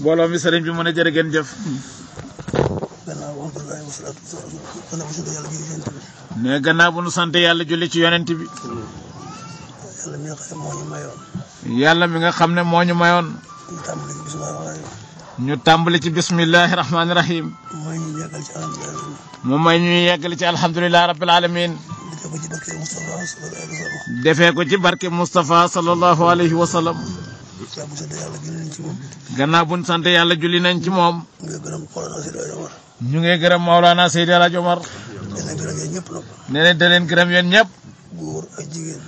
mbooloo mi bi mu ne jërë ngeen jëf. ne gannaaw bu nu sant yàlla julli ci yonent bi. yàlla mi nga xam ne moo ñu mayoon. ñu tàmbali ci bismillahi rahmaani rahim. mu may ci alhamdulilah rabbil alamin defee ko ci barke Moustapha sallallahu alayhi wa gannaaw bu ñu sant yàlla julli nañ ci moom. ñu ngi gërëm Maolana Seydi El Hadj Omar. nee yéen ñëpp. ak jigéen.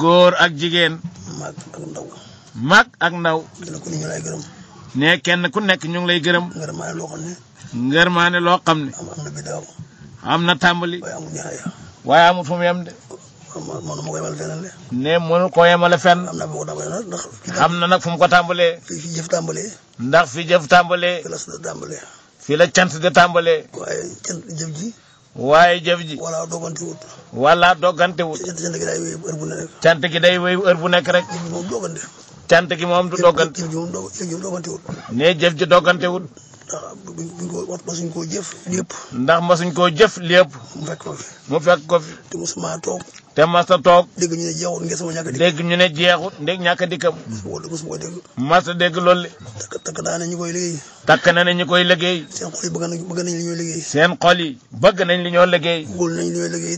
góor ak ndaw. mag nee kenn ku nekk ñu ngi lay gërëm. ngërmaane loo xam ne. am na tàmbali. waaye amul fu mu yem de. mënu ma ko yemale fenn de. ne mënu ko yemale fenn. xam na nag fu mu ko tàmbalee. fii fi jëf tàmbalee. ndax fi jëf tàmbalee. fi la tàmbalee. fi la cant de tàmbalee. waaye jëf ji. waaye jëf ji. wala doggante wut. wala doggante wut. gi day wéy bu nekk rek. gi day wéy heure bu nekk rek. moom doggante. cant gi ne jëf ji doggante ndax masuñ koo jëf lépp. mu fekk ko mu fekk toog. te masa toog. dégg ñu ne jeexut nga sama ñàkk a dikk. dégg ñu ne jeexut ndeg ñàkk a dikkam. mosuma dégg. masa dégg loolu. takk takk ñu koy liggéey. takk na ne ñu koy liggéey. seen xol yi bëgg nañ bëgg nañ li ñooy liggéey. seen xol yi bëgg nañ li ñoo liggéey. xool nañ li ñooy liggéey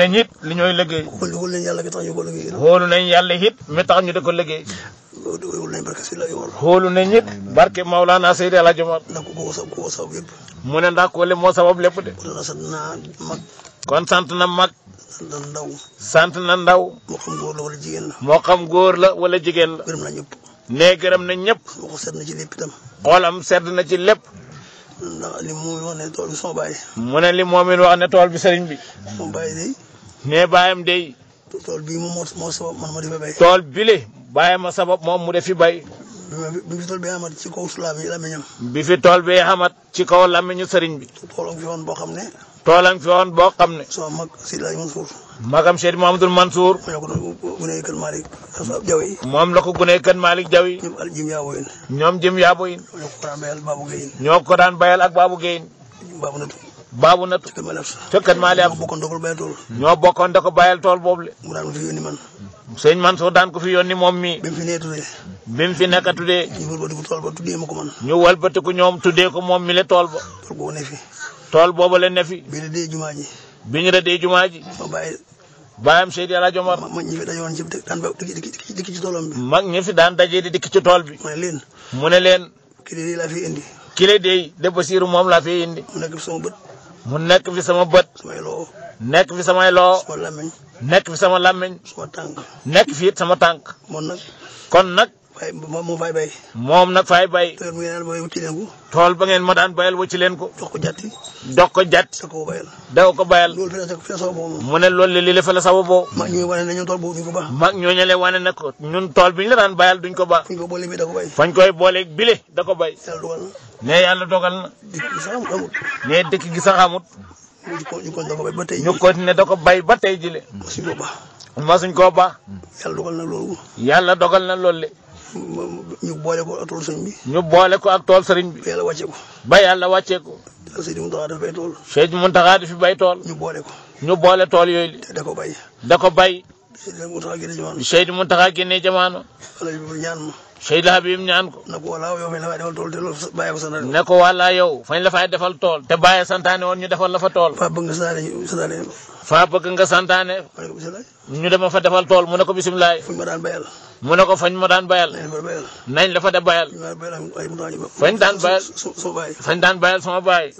nañ it li ñooy liggéey. xool nañ yàlla mi tax ñu ko liggéey. xoolu nañ yàlla it mi tax ñu di ko liggéey. xoolu nañ it barke Maulana Seydi El Hadj Omar. mu ne ndax koole moo lépp de. kon sant na mag. sant na ndaw. sant na ndaw. moo xam góor la wala jigéen la. moo xam góor la wala jigéen la. gërëm na ñëpp. gërëm na ñëpp. moo ci lépp itam. sedd na ci lépp. li mu wax ne tool bi ne li moom it wax ne tool bi sëriñ bi. sama baay baayam day. tool bii moom moo moo sabab tool bile baayam a moom mu def fi bay. bi fi tool bee xamat ci kaw sulaa bi làmmiñam bi fi ci kaw làmmiñu sëriñ bi. toolam fi woon boo xam ne. toolam fi woon boo xam ne. sama mag Seydi Hadj Mansour. magam Seydi Mouhamadoul Mansour. moo ko gunee kër Malick moom la ko gunee kër Malick ñoom jëm yaa ñoom ko daan bayal Babou Guèye. ñoo ko daan bayal ak Babou Guèye. baabu natu cokkat maa leen ñoo bokkoon da ko bàyyal tool boobu le mu daan ko fi yónni man sëñ Mansour daan ko fi yónni moom mii bi mu fi nee tuddee bi mu fi nekk tuddee ñu walbatiku tool ba tuddee ma ñoom tuddee ko moom mi le tool ba tool boobu fi tool boobu le ne fi bi ñu dee jumaa ji bi ñu dee jumaa ji baayam Seydi El Hadj Omar mag ñi fi dajoon ci daan ba ci toolam bi mag ñi fi daan dajee di dikk ci tool bi mu ne leen ne leen kile de laa indi kile de de Basiru moom laa fi indi mu nekk sama bët mu nekk fi sama bët. nekk fi samay loo. nekk fi sama làmmiñ. nekk fi it sama tànk. kon nag. fay moom fay bay. bay. tool ba ngeen ko. ba ngeen ma daan bayal wëcci leen ko. dox ko jàtti. dox ko jàtt. da bayal. da ko bayal. loolu mu ne loolu li la fa mag ñooñu wane ne ko ba. ko ñun tool bi ñu la daan bayal duñ ko ba. fañ koy booleeg bi da ko bay. fañ koy ne yàlla dogal na. dëkk gi sax amut. ne dëkk ko ñu ko da ba tey. ñu ko ne da ba tey jile. masuñ koo baax. masuñ koo baax. yàlla dogal na loolu. ñu boole ko ak tool sëriñ bi. ñu boole ko ak tool sëriñ bi. bay yàlla wàccee ko. ba yàlla wàccee ko. Seydi Muntaxa dafa bay tool. Seydi Muntaxa dafa bay tool. ñu boole ko. ñu boole tool yooyu. da ko bay. da ko bay. Seydi Muntaxa génne jamono. Seydi Muntaxa génne jamono. El Hadj ñaan ma. Cheikh Lahab yim ñaan ko. ne ko wala yow fañ la fay defal tool te loolu bàyyi santaane. ne ko wala la fay tool. te bàyyi santaane woon ñu defal la fa tool. faa bëgg nga santaane faa bëgg nga santaane. fa defal tool mu ne ko bisimilah. fuñ ma daan mu ne ko fañ ma daan bayal. nañ la fa de bayal. fañ daan bayal. fañ daan bayal sama baay.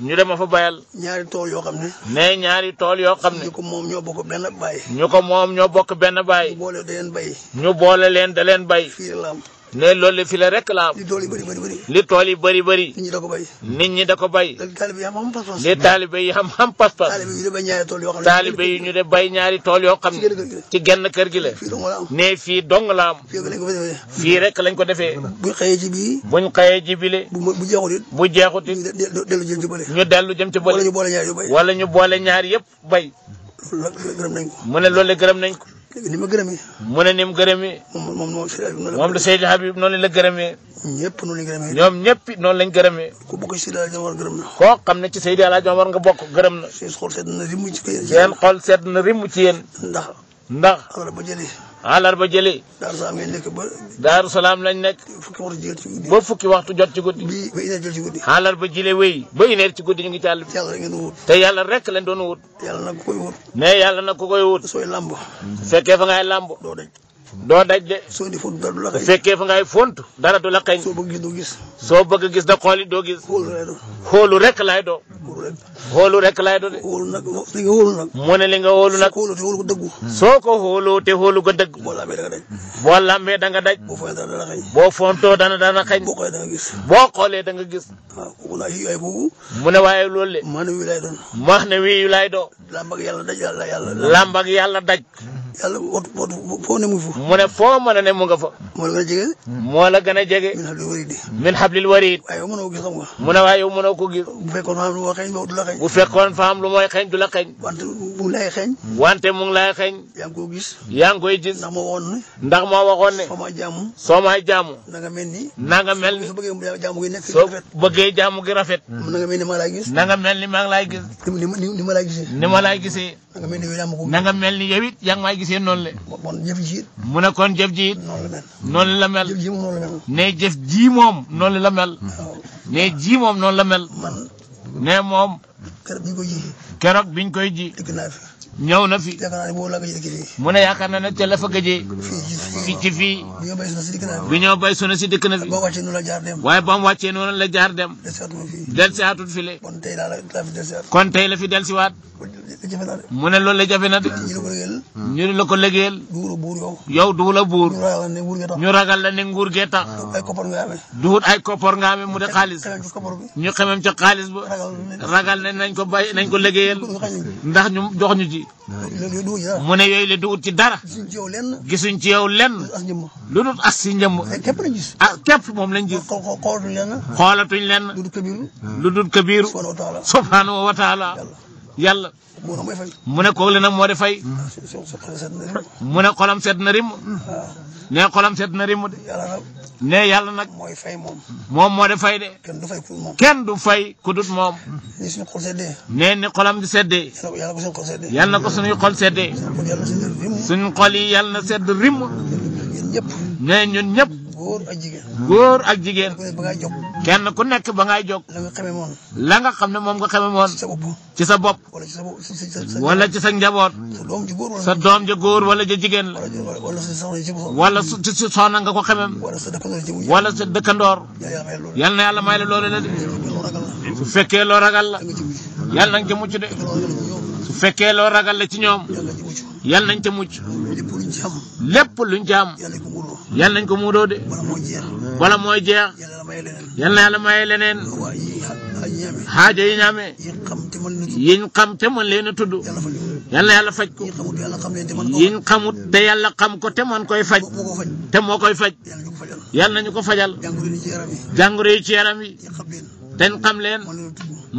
ñu dama fa bayal. ñaari tool yoo xam ne. ne ñaari tool yoo xam ne. ñu ko moom ñoo bokk benn baay. ñu ko moom ñoo bokk benn baay. ñu boole leen bay. ne loolu fi la rek la am. li tool yi bëri bëri bëri. li tool yi nit ñi da ko bay. nit ñi da ko bay. li taalibe yi am pas-pas. li taalibe yi am am pas taalibe yi ñu de bay ñaari tool yoo xam ne. ci genn kër gi la. ne fii dong la am. fii rek lañ ko defee. buñ xëyee ji bii. buñ xëyee ji bile. bu bu jeexut it. bu jeexut it. ñu dellu jëm ci bële. ñu dellu jëm ci bële. ñu boole ñaari yëpp bay. gërëm mu ne lool la gërëm nañ ko. ni ma gërëmee. mu ne ni mu gërëmee. moom moom Seydi Habib noonu la gërëmee. ñëpp noonu lañ gërëmee. ñoom ñëpp noonu lañ gërëmee. ku bokk ci Seydi Alaaji Omar gërëm na. koo xam ne ci Seydi Alaaji war nga bokk gërëm na. seen xol sedd na rimu ci yéen. seen xol sedd na rimu ci yéen. ndax. ndax. àllarba jëlee. Daaru Salaam lañ nekk ba. Daaru Salaam fukki waxtu jot ci guddi. ba une heure jot ci guddi. àllarba jëlee ba une heure ci guddi ñu ngi ci àll te yàlla rekk lañ doon wut. te yàlla nag wut. mais yàlla na ku koy wut. sooy lamb. fa ngay lamb. doo daj de. soo di font dara du la xeeñ. fekkee soo bëgg gis gis. soo bëgg gis da xool it doo gis. xoolu lay doo. xoolu rek laay doo. rek laay doo de. xoolu ne li nga xoolu nag. xoolu te ko dëggu. soo ko xooloo te xoolu ko dëggu. boo lambee da daj. boo lambee da nga daj. boo dana dana xeeñ. boo fontoo dana dana xeeñ. boo xoolee da gis. boo xoolee da gis. Ah, mu ne waaye loolu le. maanaam wii laay doon. maanaam wii laay doo. làmb yàlla daj yàlla wot foo ne ne foo a ne fa. moo la gën a jege. a jege. min hablil warid. min hablil warid. waaye yow mënoo gis xam nga. mu ne waaye yow mënoo ko gis. bu fekkoon fa lu mooy xeeñ du la xeeñ. bu fekkoon fa am lu mooy la xeeñ. wante mu ngi lay xeeñ. wante mu yaa ngi koy gis. yaa ngi koy ndax moo waxoon ne. ndax moo waxoon ne. soo ma jaamu. soo ma na nga mel ni. na nga mel ni. soo bëggee jaamu gi rafet. na nga mel ni maa lay gis. na nga mel ni maa ngi lay gis. ni ma gisee. ni ma lay gisee. na nga mel ni yow it yaa gisee noonu la. bon ji it. mu ne ji it. noonu la mel. jëf ji moom noonu la mel. ne ji moom noonu la mel. ne moom. keroog biñ koy ji. koy ji. ñëw na fi. mu ne yaakaar na ne ca la fa gëjee. fii ci fii. bi ñoo bay sunu si dëkk na fi. waaye ba mu wàccee noonu la jaar dem. delsiwaatut fi le. kon tey la fi delsiwaat. mu ne loolu la jafe na de. ñu la ko liggéeyal. Hmm. yow du la buur. ñu ragal la ne nguur gee tax. duut ay koppar nga amee mu de xaalis. ñu xamem ca xaalis ba. ragal ne nañ ko bay nañ ko liggéeyal. ndax ñu jox ñu ci. yi. mu ne yooyu la duut ci dara. gisuñ ci yow lenn. lu dul as si njëmm. ah képp moom lañ gis. xoolatuñ lenn. lu dul kabiru. subhaanahu wa taala. yàlla mu ne na moo di fay mm. mu ne xolam sedd na rimm mm. ah. ne xolam sedd na rimm de na yàlla nag moom moo di fay de kenn du fay ku dut moom mm. ne ni xolam di seddee yàlla na ko suñuy xol seddee suñu xol yi yàlla na sedd rimm ñun ñëpp. nee ñun ñëpp. góor ak jigéen. góor ak jigéen. kenn ku nekk ba ngay jóg. la nga xamee moom. nga xam ne moom nga xamee moom. ci sa bopp. wala ci sa njaboot. sa doom ja góor wala ja jigéen la. wala su ci soxna nga ko xamee. wala sa dëkkandoor. yal na yàlla may la loolu la de. su fekkee loo ragal la. yàlla na nga ca mucc de su fekkee loo ragal la ci ñoom yàlla nañ ca mucc lépp luñ jaam yàlla nañ ko muudoo de wala mooy jeex yàlla na yàlla maye leneen xaaja yi ñaamee yiñ xam te mën leen a tudd yàlla na yàlla faj ko yiñ xamut te yàlla xam ko te man koy faj te moo koy faj yàlla nañu ko fajal jàngoro ci yaram yi ten xam leen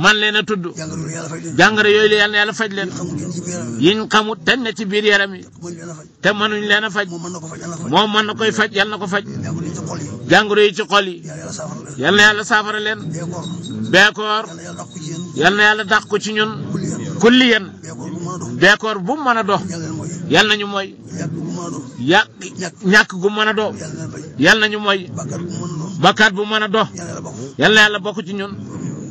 man leen a tudd jàngoro yooyu la yal na yàlla faj leen yiñ xamut te ne ci biir yaram yi te mënuñ leen a faj moom mën na koy faj yal na ko faj jàngoro yi ci xol yi yal na yàlla saafara leen beekoor yal na yàlla dàq ko ci ñun kulli yéen beekoor bu mën a dox yal nañu mooy ya ñàkk gu mën a dox yal nañu mooy bakkaat bu mën a dox yal na yàlla bokk ci ñun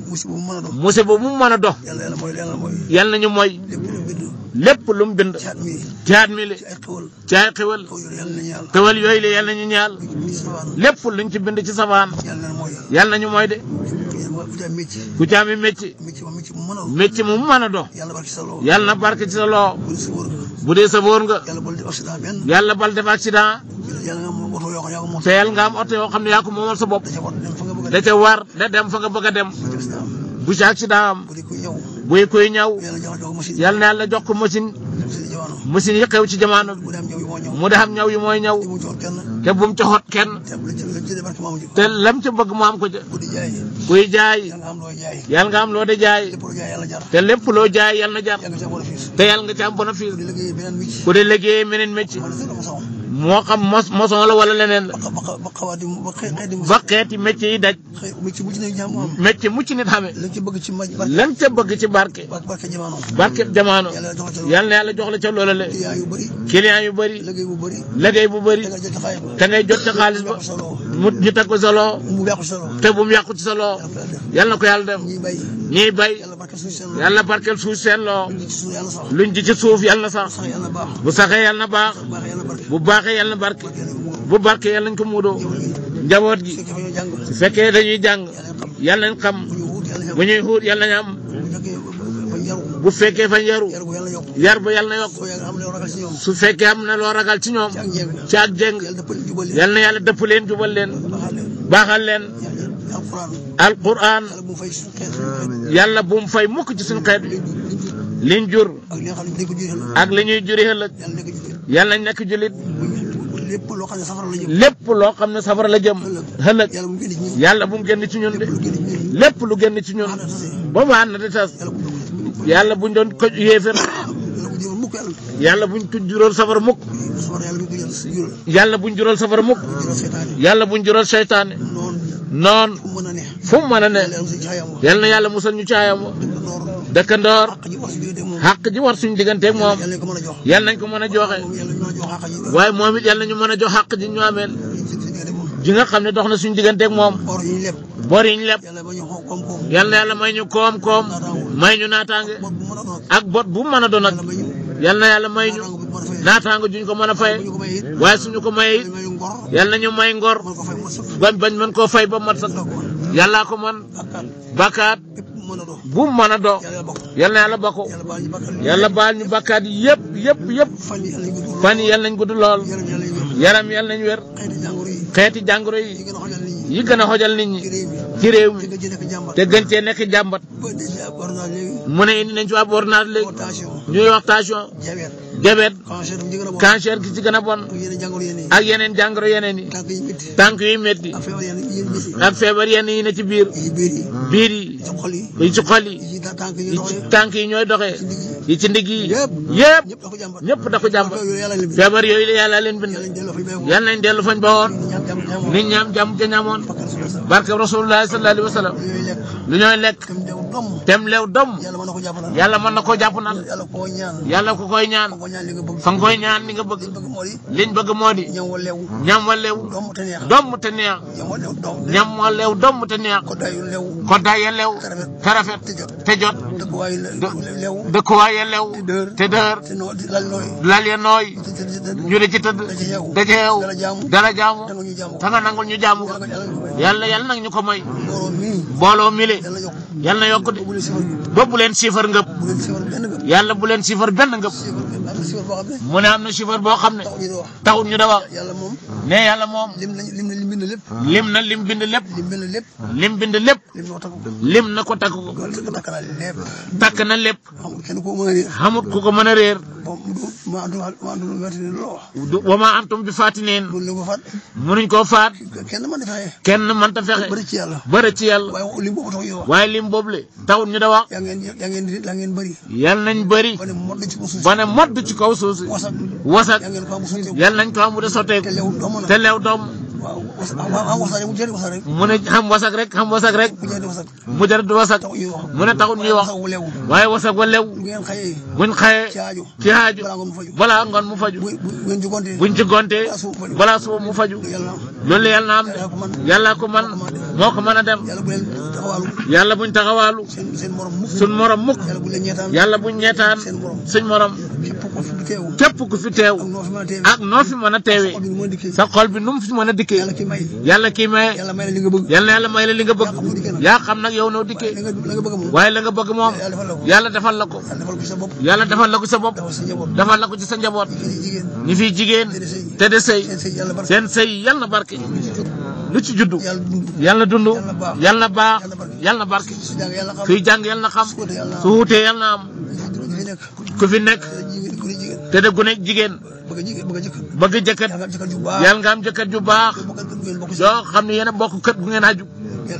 musiba bu mu mën a dox. musiba bu mu mën a dox. yal na ñu mooy. lépp lu mu bind. jaat mi li ci ay xewal xewal yooyu la yal na ñu ñaal lépp luñ ci bind ci safaan yal na ñu mooy de. ku ca amee métti métti mu mën a dox yal na barke ci sa loo bu dee sa boor nga yàlla bal def accident te yal nga am oto yoo xam ne yaa ko sa bopp ca war da dem fa nga bëgg a dem. bu ci accident am. bu dee kuy ñaw bu na yàlla jox ko machine. machine yi xew ci jamono bi. mu de am ñaw yi mooy ñaw. te bu mu coxot kenn. te lam ca bëgg mu am ko ca. kuy jaay. yàlla nga am loo de jaay. te lépp loo jaay yal na jar. te yàlla nga ca am bénéfice. ku de liggéey meneen métier. moo xam mos moson la wala leneen la. ba xeeti métier yi daj. métier mucc nit xame. lan ca bëgg ci barke. barke jamaano. yal na yàlla jox la ca loola le. client yu bëri. liggéey bu bëri. te ngay jot ca xaalis ba. mu ñu teg ko solo. te bu mu yàqu ci solo. yal na ko yàlla def. ñiy bay. yàlla barkeel suuf seen loo. luñ ji ci suuf yal na sax. bu saxee yal na baax. bu baax. barke yàlla na barke bu barke yàlla nañ ko muudoo njaboot gi su fekkee dañuy jàng yàlla nañ xam bu ñuy xuut yàlla nañ am bu fekkee fañ yaru yar ba yàlla na yokk su fekkee am na loo ragal ci ñoom ci ak jeng yàlla na yàlla dëpp leen jubal leen baaxal leen alquran yàlla bu mu fay mukk ci suñu xeet liñ jur ak li ñuy juri ëllëg yàlla nañ nekk jullit lépp loo xam ne safara la jëm lépp loo xam ne safara la jëm ëllëg yàlla bu mu génn ci ñun de lépp lu génn ci ñun boobu ànd na di tas yàlla buñ doon ko yéefér yàlla buñ ko juróol safara mukk yàlla buñ juróol safara mukk yàlla buñ juróol seytaane noon fu mu mën a ne yàlla na yàlla musal ñu caayam wa dëkkandoor xàq ji war suñ digganteeg moom yal nañ ko man a joxe waaye moom yal nañu man a jox xàq ji ñu ameel ji nga xam ne dox na suñ digganteeg moom bor yi ñu leb yal na yàlla may ñu koom-koom may ñu naataange ak bot bu man a doon ak yal na yàlla may ñu naataange juñ ko mën a faye waaye suñu ko mayee it yal na may ngor bañ bañ mën koo fay ba mat sax yàllaa ko mën bakkaat. bu mu mën a doo yal na yàlla bokk yàlla baal ñu bakkaat yëpp yëpp yëpp fan yi yal nañ gudd lool yaram yal nañ wér xeeti jàngoro yi yi gën a xojal nit ñi ci réew mi te gën cee nekk jàmbat mu ne indi nañ ci ab ordonnance léegi ñuy wax tension diabète cancer gi ci gën a bon ak yeneen jàngoro yeneen yi tànk yu ak feebar yenn yi ne ci biir biir yi ci xol yi yi i tànk yi ñooy doxee yi ci ndigg yi yëpp ñëpp da ko jàmbat feebar yooyu la yàlla leen bind yal nañ dellu fañ ba woon nit ñaam jàmm ja ñaamoon barke rasulullah sallallahu alayhi wa sallam lu ñooy lekk tem lew dom yàlla mën na koo ko naan yàlla ku koy ñaan fa nga koy ñaan li nga bëgg liñ bëgg moo di ñam wa lew domm te neex ñam wa lew domm te neex koddaa lew te rafet te jot dëkkuwaay ya lew te dër lal ya nooy ñu ne ci tëdd da ca yeew dara jaamu te nga nangul ñu jaamu yàlla yàlla nag ñu ko moy mbooloo mile yàlla na yokk de ba bu leen sifar ngëb yàlla bu leen sifar benn ngëb mu ne am na sifar boo xam ne taxul ñu da wax ne yàlla moom lim na lim bind lépp lim bind lépp lim na ko takk ko takk na lépp xamut ku ko mën a réer wa ma antum bi faatineen mënuñ koo faat kenn mënta fexe ba a yàlla. waaye lim boobu taxul ñu wax. waaye lim boobu la taxul ñu da yal nañ bëri. ba ne modd ci kaw suuf wasak yal nañ ko am bu te lew doom waaw am wasak mu jëriñ wasak rek. mu ne xam wasak rek xam wasak rek. mu jëriñ wasak. mu jëriñ wasak. mu ne taxul ñuy wax waaye wasak wa lew. buñ xëyee ci aaju. balaa ngoon mu faju. buñ ci gonte balaa suba mu faju. loolu yàlla na am de yàlla ko man moo ko mën a dem. yàlla buñ taxawaalu. suñ morom mukk. yàlla buñ ñeetaan suñ morom. képp ku fi teew ak noo fi mën a sa xol bi nu mu fi mën a dikkee yàlla kii maye yàlla yàlla may la li nga bëgg yaa xam nag yow noo dikkee waaye la nga bëgg moom yàlla defal la ko yàlla defal la ko sa bopp defal la ko ci sa njaboot ñi fiy jigéen te de sëy seen sëy yàlla barke lu ci juddu yàlla dund yàlla baax yàlla barke kuy jàng yàlla xam su wutee yàlla am ku fi nekk te de gune jigéen bëgg jëkkër yàlla nga am jëkkër ju baax yoo xam ne yéen a bokk kër gu ngeen aju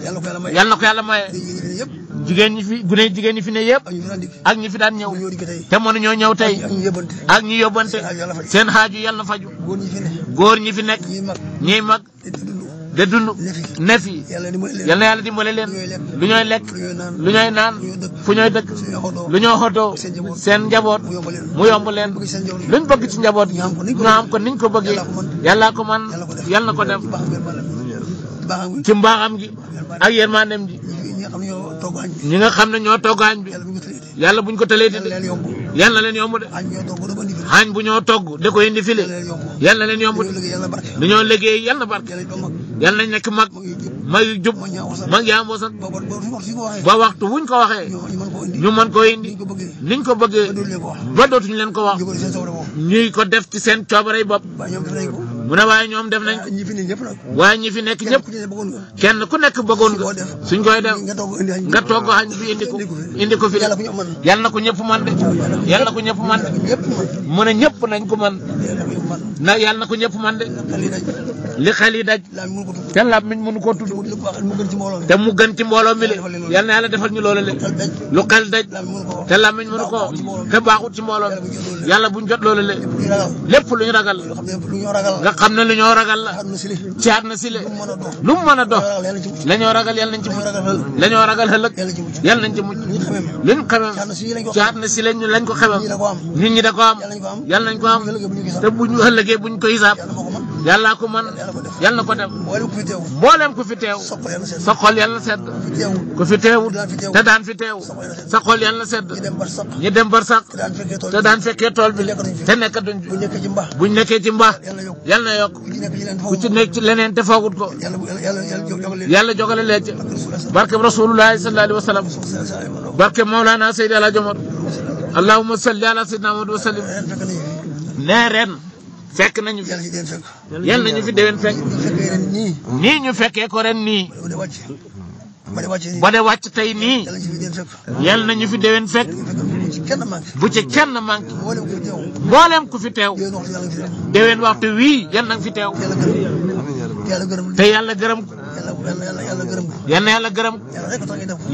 yàlla na ko yàlla maye jigéen ñi fi gune jigéen ñi fi ne yëpp ak ñi fi daan ñëw te mënuñoo ñëw tey ak ñi yóbbante seen xaaju yàlla na faju góor ñi fi nekk ñiy de dund ne yal na yàlla dimbale leen lu ñooy lekk lu ñooy naan fu ñooy dëkk lu ñoo xoddoo seen njaboot mu yomb leen luñ bëgg ci njaboot ñu am ko niñ ko bëggee yàllaa ko man yal na ko def ci mbaaxam gi ak yërmandeem ji ñi nga xam ne ñoo toggaañ bi yàlla buñ ko tëlee di yal na leen yomb de xaañ bu ñoo togg de ko indi file yal na leen yomb de du ñoo liggéey yal na barke yal nañ nekk mag mag yu jub mag yaa mboo sant ba waxtu wuñ ko waxee ñu mën ko indi niñ ko bëggee ba dootuñu leen ko wax ñuy ko def ci seen coobare yi bopp mu ne waaye ñoom def nañ. waaye ñi fi nekk ñëpp. kenn ku nekk bëggoon nga. suñ koy def nga toog añ fi indi ko indi ko fi yal na ko ñëpp man de yal na ko ñëpp man de mu ne ñëpp nañ ko man na yal na ko ñëpp man de li xel yi daj. te laab miñ mënu koo tudd te mu gën ci mbooloo mi le yal na yàlla defal ñu loolu le lu xel daj te laab miñ mënu koo te baaxut ci mbooloo mi yàlla buñ jot loolu le lépp lu ñu ragal nga xam na li ñoo ragal si caat na si lu mu mën a dox la ñoo ragal yàlla nañ ci mucc la ñoo ragal ëllëg yàlla nañ ci mucc li ñu xamee caat na si lañ lañ ko xamee nit ñi da ko am yàlla nañ ko am te bu ñu ëllëgee bu ñu ko hisaab yàlla ko man yàlla ko def mboolem ku fi teew sa xol sed sedd ku fi teewut te daan fi teew sa xol sed sedd ñi dem bar sax te daan fekkee tool bi te nekk duñ buñ nekkee ci mbaax yàlla na yokk ci nekk ci leneen te foogut ko yàlla jogale leen ci barke rasulullahi sallallahu alayhi wa sallam barke Mawlana Seydi El Hadji Omar allahumma salli ala sayyidina Muhammad wa sallim nee ren fekk nañu fi yal nañu fi déwén fekk. nii ñu fekkee ko ren nii. ba de wàcc tey nii. yal nañu fi déwén fekk. bu ci kenn manqué. mboolem ku fi teew. déwén waxtu wii yal na fi teew. te yàlla gërëm ko. yàlla yàlla gërëm ko. yàlla yàlla gërëm.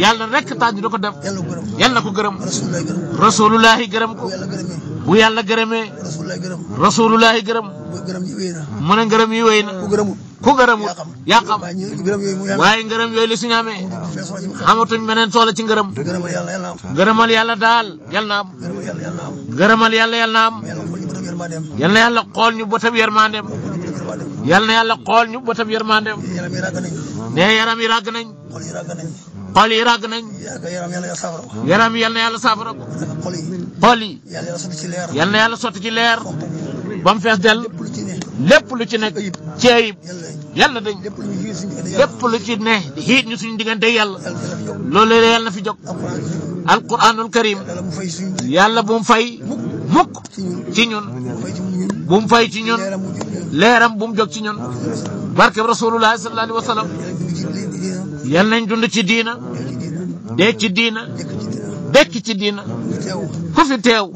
yàlla rek tax ñu def ko. yàlla rek tax ñu ko def. yàlla ko gërëm. yàlla ko gërëm. rasulullahi gërëm ko. bu yàlla gërëmee. rasulullahi gërëm. mu ne gërëm yi wéy na. ku gërëmul yaa xam waaye ngërëm yooyu la suñu amee. amatuñ beneen soxla ci ngërëm. ngërëmal yàlla daal yal na am. ngërëmal yàlla yal na am. yal na yàlla yal na yàlla xool ñu bëtam yërmandeem ne yaram yi ràgg nañ xool yi ràgg nañ yaram yi yal na yàlla saafara ko xool yi yal na yàlla sotti ci leer ba mu fees dell lépp lu ci nekk ci ayib yàlla dañ lépp lu ci ne xiit ñu suñu diggante yàlla loolu la yàlla na fi jóg alquranul karim yàlla bu mu fay mukk ci ñun bu fay ci ñun leeram bu mu ci ñun barke rasulullah sallallahu alayhi wa sallam yàlla nañ dund ci diina dee ci diina dekk ci diina ku fi teew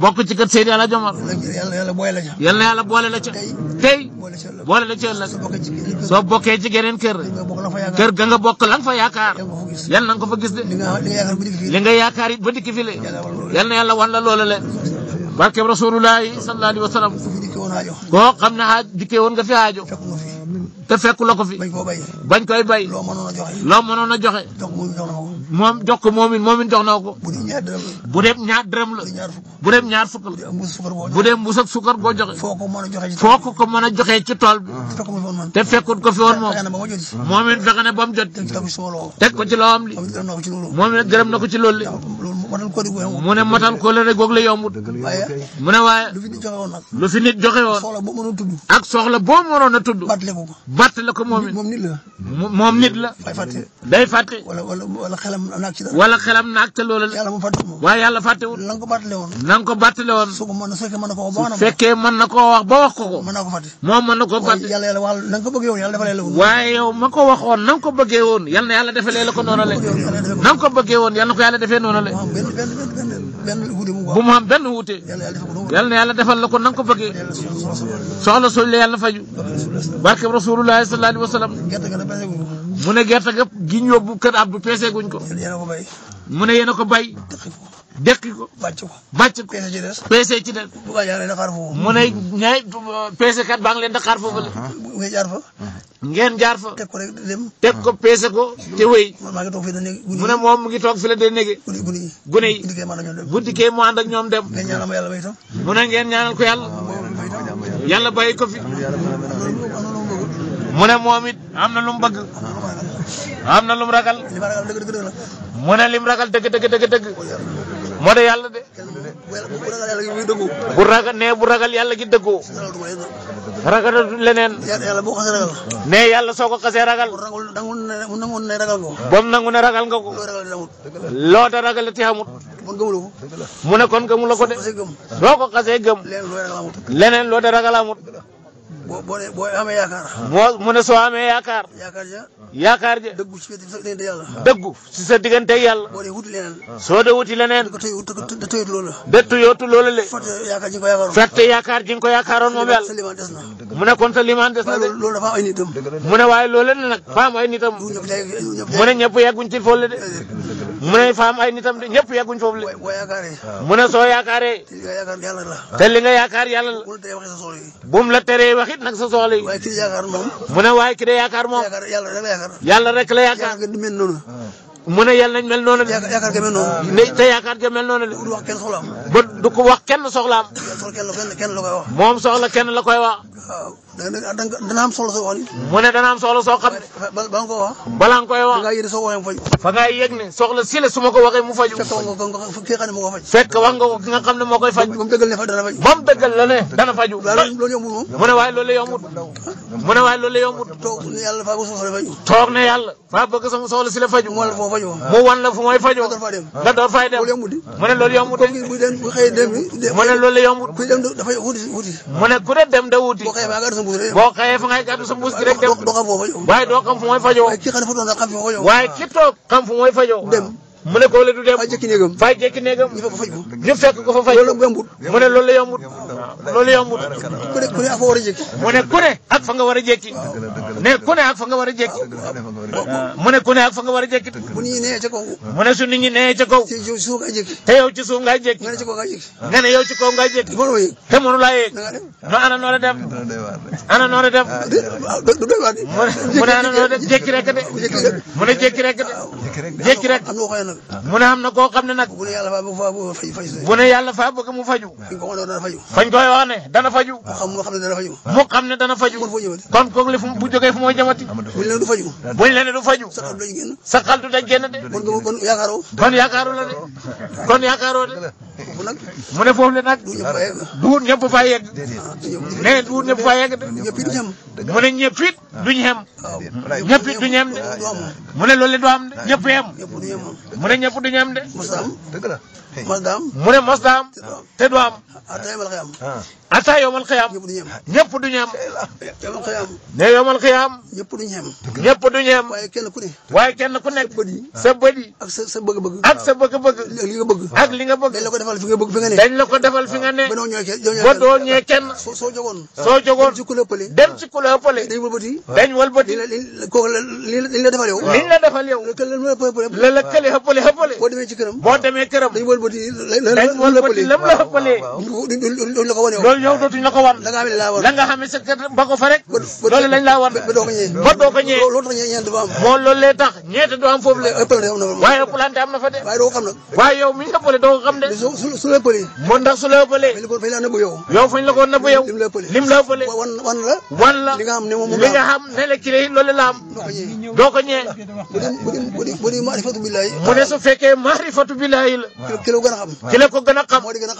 bokk ci kër Seydi Alaaji Omar yal na yàlla boole la ca tey boole la ca ëllëg soo bokkee ci geneen kër kër ga nga bokk la nga fa yaakaar yal na nga ko fa gis de li nga yaakaar it ba dikki fi le yal na yàlla wan la loola le barkeb rasulullahi sallallahu alayhi wa sallam koo xam ne xaaj dikkee woon nga fi aajo te fekk la ko fi. bañ ko bay bañ koy bay. loo mënoon a joxe. loo a joxe. jox moom jox ko. moom jox ko moom it moom it jox na ko. bu dee ñaar dërëm la. bu ñaar dërëm la. ñaar fukk la. bu dee mu ak sukar boo joxe. foo ko mën a joxe ci tool ko ko mën a joxe ci tool bi. te fekkut ko fi woon moom. moom it fexe jot. teg ko ci loxoom li. moom it gërëm na ko ci loolu li. mu ne matal ko la goog la yombut. mu ne waaye lu fi nit joxe woon. ak soxla boo mënoon a tudd. fàtte la ko moom nit la. day fàtte. day fàtte. wala wala wala waaye yàlla fàtte wul. na ko bàttale woon. na nga ko bàttale woon. su fekkee mën na koo wax. su fekkee mën na ba wax ko ko. mën naa ko fàtte. moom mën na ko bëggee woon yàlla defalee la ko. waaye yow ma ko waxoon na defalee la ko noonu la. na ko bëggee woon yal ko yàlla defee noonu la. bu mu benn wuute. yal na yàlla la ko na nga ko bëggee. soxla suñ la yàlla faju barke rasulullahi sallallahu alayhi wa sallam mu ne gerte ga gi ñu yóbbu kër Abdou peese guñ ko mu ne yéen a ko bay dekki ko bàcc ko bàcc ko peese ci des mu ne ñaay peese kat baa ngi leen di xaar foofu la ngeen jaar fa teg ko rek dem teg ko peese ko te wéy mu ne moom mu ngi toog fi la de nége gune yi bu dikkee mu ànd ak ñoom dem mu ne ngeen ñaanal ko yàlla yàlla bàyyi ko fi mu ne moom am na lu mu bëgg. am na lu mu ragal. mu ne lim ragal dëgg dëgg dëgg dëgg. moo de yàlla de. bu ragal ne bu ragal yàlla gi dëggoo. ragalatu leneen. ne yàlla soo ko xasee ragal. ba mu nangu ne ragal nga ko. loo da ragal ti amut. mu ne kon gëmu la ko de. doo ko gëm. leneen loo ragal amut. boo boo amee yaakaar. boo mu ne soo amee yaakaar. dëggu ci sa diggante yàlla. dëggu ci sa diggante yàlla. da tooyut da le. fàtte yaakaar ji nga ko yaakaaroon. fàtte yaakaar ji nga ko yaakaaroon moom yàlla. mu ne kon limaan des de. loolu dafa am ne waaye faam ay nitam. mu ne ñëpp de. mu ne fa am ay nitam de ñëpp yegguñ foofu la. mu ne soo yaakaaree. te li nga yaakaar yàlla la. bu mu la teree wax it nag sa soxla yi. mu ne waaye ki de yaakaar moom. yàlla rek la yaakaar. Ah. mu ne yàlla nañ mel noonu de. yaakaar ga mel noonu. Ah. ne te yaakaar ga mel noonu de. du wax kenn soxlaam. moom soxla kenn la koy Ah dana dana am solo soo wax nii. mu ne dana am solo soo xam ne. ba ba nga koo wax. balaa nga koy wax. fa ngaa yëg soo waxee mu faj. fa ngaa yëg ne soxla si la su ma ko waxee mu faj. fekk wax nga ko ki nga xam ne moo ko faj. fekk wax nga ko ki nga ne dana faj. ba mu la ne dana faju. loolu ne waaye loolu bëgg sama soxla faju. mu wan la fu ma fajoo. mu wan la fu may fajoo. mu ne loolu yombul mu ne loolu yombul. mu ne ku dem da wuti. boo xëyee fa ngay gàddu sa mbuus gi rek dem doo xam fu mooy fajoo waaye ki toog fu mooy fajoo mu ne ko le du dem. faa jekki néegam ñu fekk ko fa faj. loolu loolu yombut. loolu yombut. ak fa war a jekki. mu ne ak fa nga war a jekki. ne ku ne ak fa nga war a jekki. mu ne ku ne ak fa nga a jekki. bu nit ñi nee ca kaw. mu ne su nit ñi nee ca kaw. te yow ci suuf ngaa jekki. te yow ci suuf nga ne ci kaw ngaa dem. ana dem. Ah, mu ne dem jekki rek de. mu ne rek de. jekki rek mu ne am na koo xam ne nag. bu ne yàlla faa bëgg mu faju. bu ne yàlla faa bëgg mu faju. fañ koy wax ne dana faju. mu xam ne dana faju. mu xam ne dana faju. kon kooku li bu jógee fu mooy jëmati. buñ leen du faju. buñ leen du faju. sa xaltu dañ génn de. kon yaakaaroo la de kon yaakaaroo de. foofu nag. mu ne foofu la nag. duut ñëpp fa yegg. ne duut ñëpp fa yegg de. mu ne ñëpp it duñ xem. ñëpp it duñ xem de. mu ne loolu la du am de ñëpp xem. mu ne ñëpp duñ xem de. mu ne mos daam. te du am. Ah, ata yowmal xiyaam ñëpp du ñu am yowmal xiyaam ne yowmal xiyaam ñëpp du ñu am ñëpp du ñu am waaye kenn ku ne waaye kenn ku nekk sa bët yi ak sa sa bëgg-bëgg ak sa bëgg-bëgg ak li nga bëgg ak li nga bëgg dañ la ko defal fi nga bëgg fi nga ne dañ la ko defal fi nga ne ba doo ñëwee kenn soo jogoon soo jogoon ci ku la ëppale dem ci ku la ëppale dañ wëlbati dañ wëlbati kooku liñ la defal yow liñ la defal yow la la kële ëppale ëppale boo demee ci këram boo demee këram dañ wëlbati dañ wëlbati lam la ëppalee duñ la ko wane loolu yow dootuñ la ko war la nga xam ne sa kër ba ko fa rek loolu lañ laa war ba doo ko ñëwee moo loolu tax ñeete du am foofu la waaye ëppalante am na fa de waaye yow mi nga ëppale doo ko xam de su la ëppalee moo ndax su la ëppalee yow fañ la ko nëbb lim la ëppalee wan wan la li nga ne la ci lay la am doo ko ñëwee bu dee maarifatu billaahi mu ne su fekkee maarifatu ko gën a xam ko gën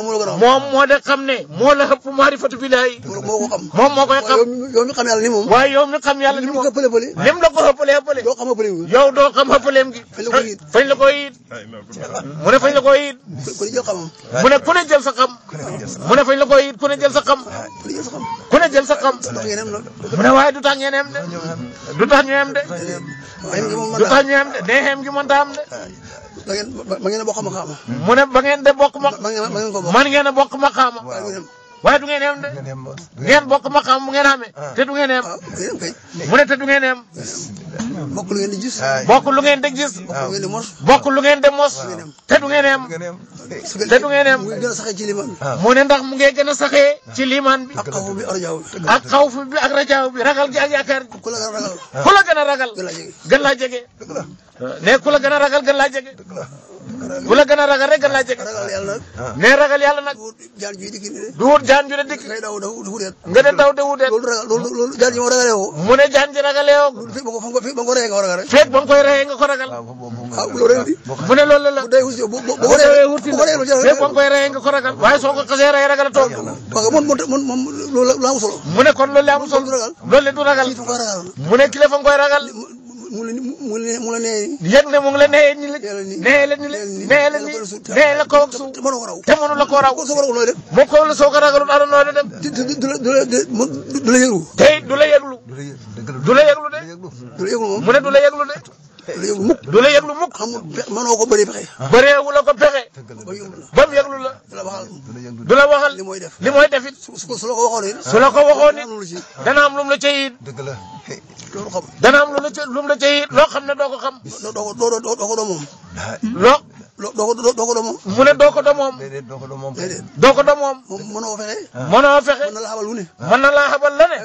a moo de xam ne ne moo la ëpp maarifatu billaahi moom moo koy xam yow mi xam yàlla ni moom waaye yow mi xam yàlla ni moom lim la ko ëppale ëppale yow doo xam ëppaleem gi fañ la koy it mu ne fañ la koy it mu ne ku ne jël sa xam mu ne fañ la koy it ku ne jël sa xam ku ne jël sa xam mu waaye du tax de du tax de du tax de nee gi mënta de ba ngeen ba ngeen a bokk maqaama. mu ne ba ngeen de bokk ma. man ngeen a bokk maqaama. waaye du ngeen yem de. ngeen bokk ma xam bu ngeen amee. Ah. te du ngeen yem. Ah, te du ngeen bokk lu ngeen di gis. bokk lu ngeen de gis. Ah. bokk lu ngeen di mos. te du ngeen yem. te du ngeen yem. ne ndax mu ngi gën a saxee ci liman bi. ak xawfu bi ak rajaaw bi. ak xawfu bi ragal gi ak yaakaar gi. la gën a ragal. ku la gën a ragal. gën jege. gën laa jege. ne ku la gën a ragal gën laa jege. bu la gën a ragal rek gën laa jege. ragal yàlla nag. Ah. nee du wut jaan ju dikk. nga de daw de wuteet. loolu ragal jaan ji ragal rek. féeg ba nga nga ko ragal. ah, ah loolu rek la. bu dee wuti bu bu bu ko nga ko ragal. waaye soo ko ragal a toog. parce kon loolu la amul solo. loolu du ragal. mu ne kilifa ragal. mu la mu la mu la nee. yëg ne mu ngi la nee ñu la. nee la ñu la nee la ñu nee la ko su te mënu ko raw. te mënu la koo raw ko soo ko raw looy def. ko la soo ko ragalul dara nooy def. te te la du la du la yëglu. te la yëglu. du la yëglu dëgg la du la de. du la yëglu moom mu de. mukk du la yëglu mukk xamul mënoo ko bëri pexe bëreewu la ko ba mu yëglu la du la waxal li mooy def li mooy def it su la ko su la ko waxoon it dana am lu mu la ca yit dëgg la dana am lu mu la ca lu mu la loo xam ne doo ko xam doo ko doo ko doo moom doo ko doo ko doo moom. mu ne doo ko doo moom. déedéet doo moom. déedéet doo ko fexe. mënoo na la ne. na laa xabal la ne.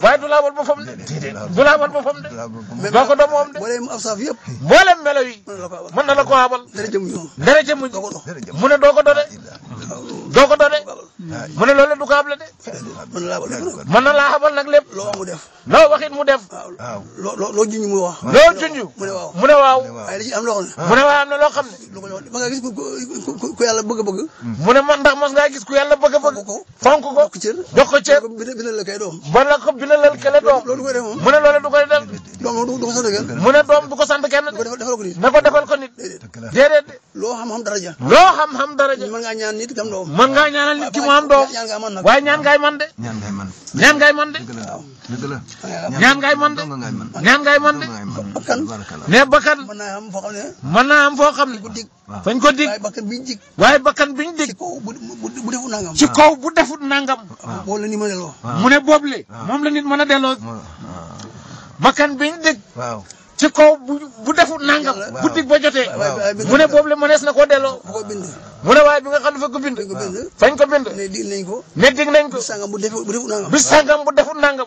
waaye du laabal boppam de. déedéet du laabal boppam de. doo ko doo moom na la ko xabal. dara jëm ñoom. dara jëm ñoom mu ne doo ko doo de. doo ko doo mu ne loolu du ko xable de. mën na laabal na laa xabal nag lépp. loo wax mu def. loo mu def. waaw loo loo junj mu ne waaw mu ne waaw. am ne. na loo xam ne. lu ko yoon ma nga gis ku ku yàlla bëgg a bëgg. mu ne man ndax mos ngaa gis ku yàlla bëgg a bëgg. fonk ko jox ko cër jox ko cër. bina la kay doom. ba la ko bina la kele doom. loolu du koy def moom mu ne loolu du koy def. doom du ko sant kenn. mu ne doom du ko sant kenn. defal ko nit na ko defal ko nit. déedéet. loo xam-xam daraja. loo xam-xam daraja. mën ngaa ñaan nit ki am doom. mën ngaa ñaanal nit ki mu waaye ñaan ngay man de. ñaan ngay man de. ñaan ngay man de. ñaan ngay man de. ne bakkan mën naa am foo xam ne. fañ ko dig waaye bakkan biñ dig. waaye bakkan biñ dig. ci kaw bu bu defut nangam. ci kaw bu defut nangam. boobu la nit mën a delloo. mu ne boobu le moom la nit mën a delloo. bakkan biñ dig. waaw. ci kaw bu bu defut nangam. bu dig ba jotee. mu ne boobu la mënees na koo delloo. mu ne waaye bi nga xam ne fa ko bind. fañ ko bind. ne dig nañ ko. ne dig nañ ko. bis sangam bu defut nangam. bis sangam bu defut nangam.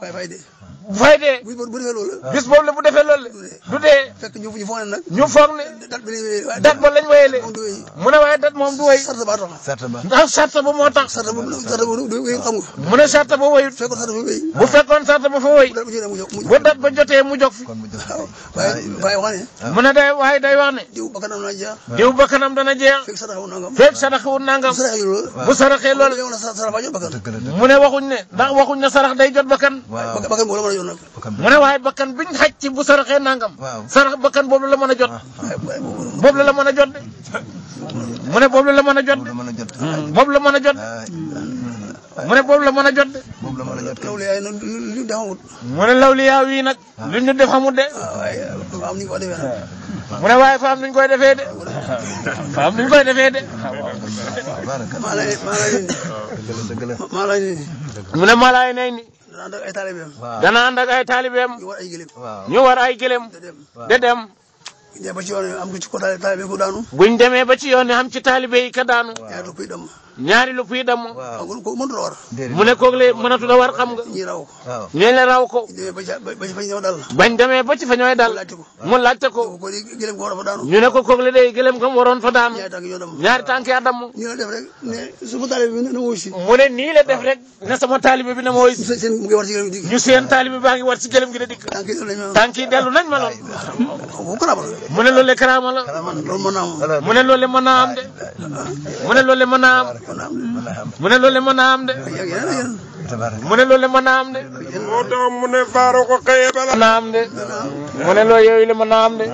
bu fay dee. bu bu defee loolu. bis ah. boobu la bu defee loolu. du dee fekk ñu foog ne dat ba lañ wéyale. mu a waaye dat moom du wéy. sarta ba tax ndax sarta ba moo tax. sarta a sarta ba wéyul xam nga. mu ne sarta ba wéyul. fekkoon sarta ba wéy. bu fekkoon sarta ba fa wéy. bu dat ba jotee mu jóg fi. waaw ah, waaye wax ne. Ah. mu ne day waaye day wax ne. diw bakkanam dana jeex. diw bakkanam dana jeex. fekk saraxewul nangam. fekk saraxewul nangam. bu saraxee loolu. mu jot nag mu ne waaye bakkan biñ xaj ci bu saraxee nangam sarax bakkan boobu la mën a jot boobu la la mën a jot de mu ne boobu la mën a jot boobu la mën a jot mu ne la mën a jot de lawliyaa yi nag lu ñu def xamut mu ne lawliyaa yi nag lu def xamut de mu ne waaye faam nuñ koy defee de faam nuñ koy defee de maa lay maa lay mu dana ànd ak ay taalibeem. dana ànd ak ay taalibeem. ñu war ay gëlëm. waaw ñu war ay gëlëm. da dem. buñ demee ba ci yoon yi am taalibe ko daanu. ba ci yoon yi am ci taalibe yi ka daanu. ñaari lu puy dem. ñaari lu puy dem. waaw kooku mënatu la war. mu ne kooku la mënatu la war xam nga. ñii raw ko. waaw ñii la raw ko. bañ demee ba fa ñooy dal. mu laajte ko. ñu ne ko kooku la day gëlëm ko waroon fa daanu. ñaari tànk yaa damm. nii la def rek ne sama taalibe bi na ma wóosi. mu nii la def rek ne sama taalibe bi na ma wóosi. ñu seen taalibe baa ngi war ci gi de dikk. tànk yi nañ ma loon mu ne loole karaama la mu ne loole mën naa am de mu ne loole mën naa am mu ne loole mën naa am de mu ne loole mën naa am de moo tax mu ne faaro ko xëyee bala naa am de mu ne loolu yooyu la mën naa am de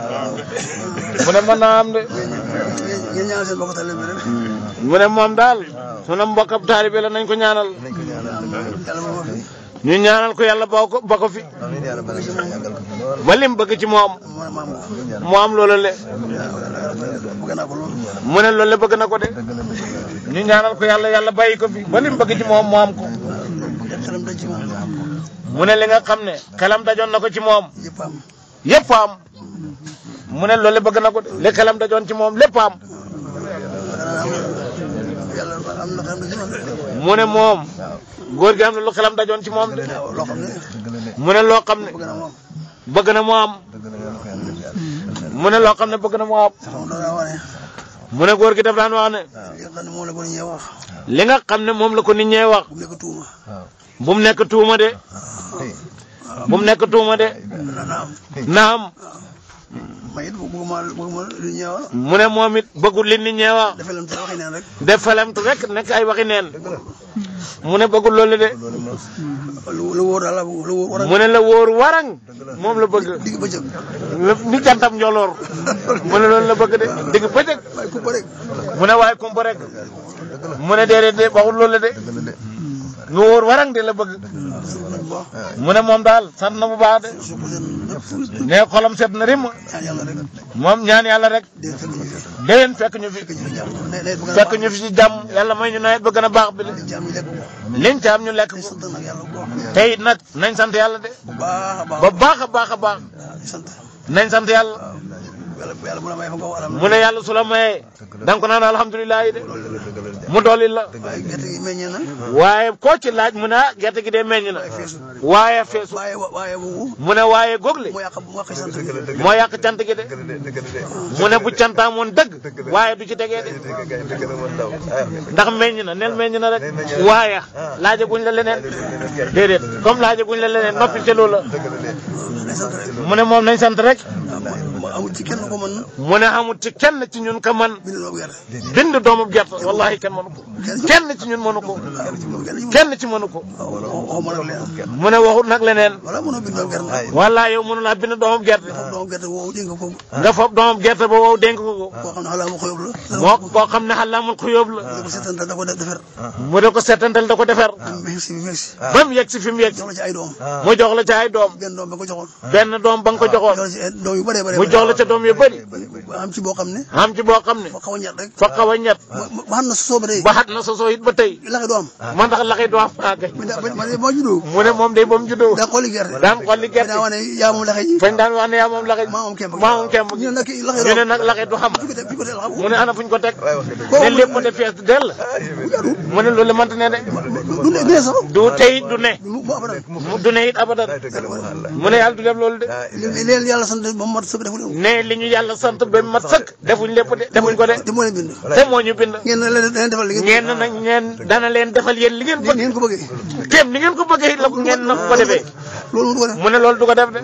mu ne mën naa am de mu ne moom daal sunu mbokk ab taalibe la nañ ko ñaanal ñu ñaanal ko yàlla boo ko ba ko fi. ba lim bëgg ci moom. mu am loolu le. mu ne loolu la bëgg na ko de. ñu ñaanal ko yàlla yàlla bàyyi ko fi ba lim bëgg ci moom mu am ko. mu ne li nga xam ne. xelam dajoon na ko ci moom. yëpp am. mu ne loolu bëgg na ko de li xelam dajoon ci moom lépp am. mu ne moom. góor gi am na lu xelam dajoon ci moom de. mu ne loo xam ne. bëgg na mu am. mu ne loo xam ne bëgg na mu am. mu ne góor gi daf daan wax li nga xam ne moom la ko nit ñee wax. bu mu nekk tuuma de. bu mu nekk tuuma de. naam. ma it bëgguma bëgguma ñeewa. mu ne moom it bëggul li nit ñeewa. defalam rek waxi neen rek. defalam rek nekk ay waxi neen. mu ne bëggul loolu de. lu wóor daal la wóor mu la moom la bëgg. digg bëccëg. ni jantam njoloor. mu ne la bëgg de digg bëccëg. waaye kumpa rek. mu ne waaye rek. mu ne de waxul loolu de. lu wóor warang de la bëgg mu ne moom daal sant na bu baax de ne xolam set na rim moom ñaan yàlla rek déwén fekk ñu fi fekk ñu fi ci jàmm yàlla may ñu nawet ba gën a baax bi liñ ci am ñu lekk ko tey it nag nañ sant yàlla de ba baax a baax a baax nañ sant yàlla mu ne yàlla su la mayee da nga ko naan alhamdulilah yi de mu dolli la. waaye gerte na. waaye koo ci laaj mu ne ah gerte gi de meññ na. waaye feesu. waaye waaye wu. mu ne waaye góogle. moo yàq moo yàq cant gi de. moo yàq cant gi de. mu ne bu cantaa moon dëgg. waaye du ci tegee de. ndax meññ na nel meññ na rek. waaye ah. laajaguñ la leneen. déedéet comme laajaguñ la leneen noppi ci loolu la. mu ne moom nañ sant rek. amul ci mu ne amul ci kenn ci ñun ka man bind doomu gerte wallahi mënu ko. kenn ci ñun mënu ko. kenn ci mënu ko. mu ne waxut nag leneen. wala yow mënu naa bind doomam gerte. nga foog doomam gerte ba wow dénk ko ko. moo koo xam ne xalaamul xuyóob la. mu ne ko setantal da ko defer. ba mu yegg si fi mu yegg si. mu jox la ci ay doom. benn doom ba nga ko joxoon. mu jox la ca doom yu bëri. am ci boo xam ne. fa xaw a ñett rek. fa xaw a ñett. waxat na sosoo it ba tey. laxe du am. Ah. man ndax laxe du am ah kay. man de moo juddoo. mu ne moom de ba mu juddoo. daan xolli gerte daan xolli gerte. daan wax ne yaa moom laxe ji. fañ daan wax ne yaa moom laxe ji. maa moom kemb maa moom kemb. ñu ne ana fuñ ko teg. ne lépp de fees du dell. mu ne de. du tey du ne. du ne it abadan. mu ne du def loolu de. Ah, ne li ñu yàlla sant ba mu mat sëkk. defuñ lépp de defuñ ko te moo ñu bind. defal li ngeen ñenn nag ñenn ah. dana leen defal yéen li ngeen bëgg. ni ngeen ko bëggee. kéem ni ngeen ko bëggee la ngeen na ko defee. loolu du ko def loolu du ko def de.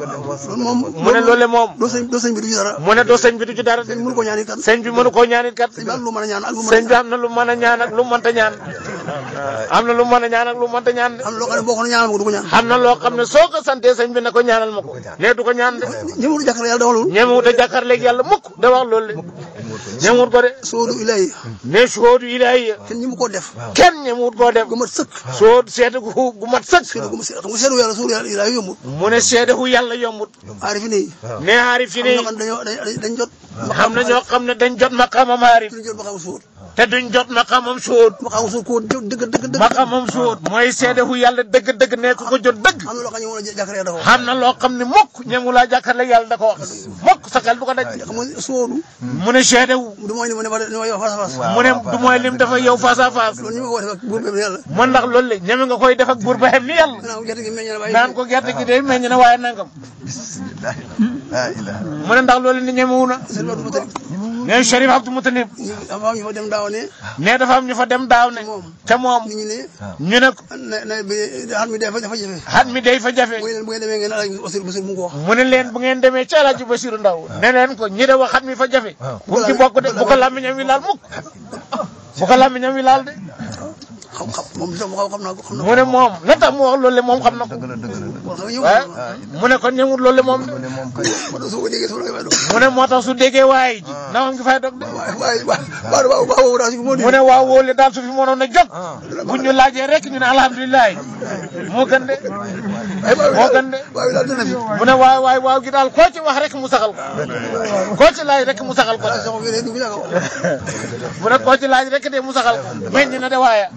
mu ne loolu moom. doo sëñ doo du dara. mu ne doo sëñ ñaanit kat. sëñ am na lu mën a ñaan ak a ñaan sëñ na lu mën a ñaan ak lu mënta ñaan. am na lu mën a ñaan ak am na ne boo ko ñaanal ma na ne soo ko santee sëñ ko ñaanal ma ko. nee du ko ñaan de. ñemewut a jàkkaarloo yàlla da wax loolu. ñemewut a jàkkaarloo yàlla mukk da wax loolu ko de. soodu ilaay. ne soodu ilaay. kenn ñemewut koo def. kenn ñemewut koo def. yombut. mu ne seedewu yàlla yombut. aarifi ne yi. ne aarifi ne yi. na ñoo xam ne dañ jot. na ñoo xam ne dañ jot maqaama maarif. dañ te duñ jot maqamam sóot maqamam sóot ko dëgg dëgg dëgg maqamam sóot mooy seedehu yàlla dëgg dëgg nekk ko jot dëgg xam na loo xam ne mokk ñemu laa jàkkaarloo yàlla da ko wax mokk sa xel du ko daj sóoru mu ne seedewu du mooy du mooy lim dafa yow face à face man ndax loolu la ñeme nga koy def ak buur ba xam ni yàlla naan ko gerte gi de meññ na waaye nangam mu ne ndax loolu ni ñemewuna neen Cherif Abdou Moutalib. dafa am ñu dem daaw ne. nee dafa am ñu fa dem daaw ne. te moom ñu ne. ñu ne. nawet bi xat mi day fa jafe. xat mi day fa jafe. mu ne leen bu ngeen demee ngeen Alaaji Basiru leen bu ngeen demee ci Alaaji Basiru Ndaw. ne leen ko ñi de wax xat mi fa jafe. bu ci bokk de bu ko làmmiñam wi laal mukk bu ko làmmiñam wi laal de. xam-xam moom li tax xam-xam ko xam na mu ne moom la tax mu wax xam na ko. dëgg la dëgg la ah, mu ne kon ñëwul loolu moom. mu ne moom kay mu moo tax su déggee waay ji. Ah. na nga fay dog de. waay waay waaw waaw daal su fi mu ne waaw wóole a jóg. Ah. bu laajee rek ñu ne alhamdulilah moo gën moo gën de mu ne waay waay waaw gi daal koo ci wax rek mu saxal ko koo ci laaj rek mu saxal ko mu ne koo ci laaj rek de mu saxal ko meññ na de waaya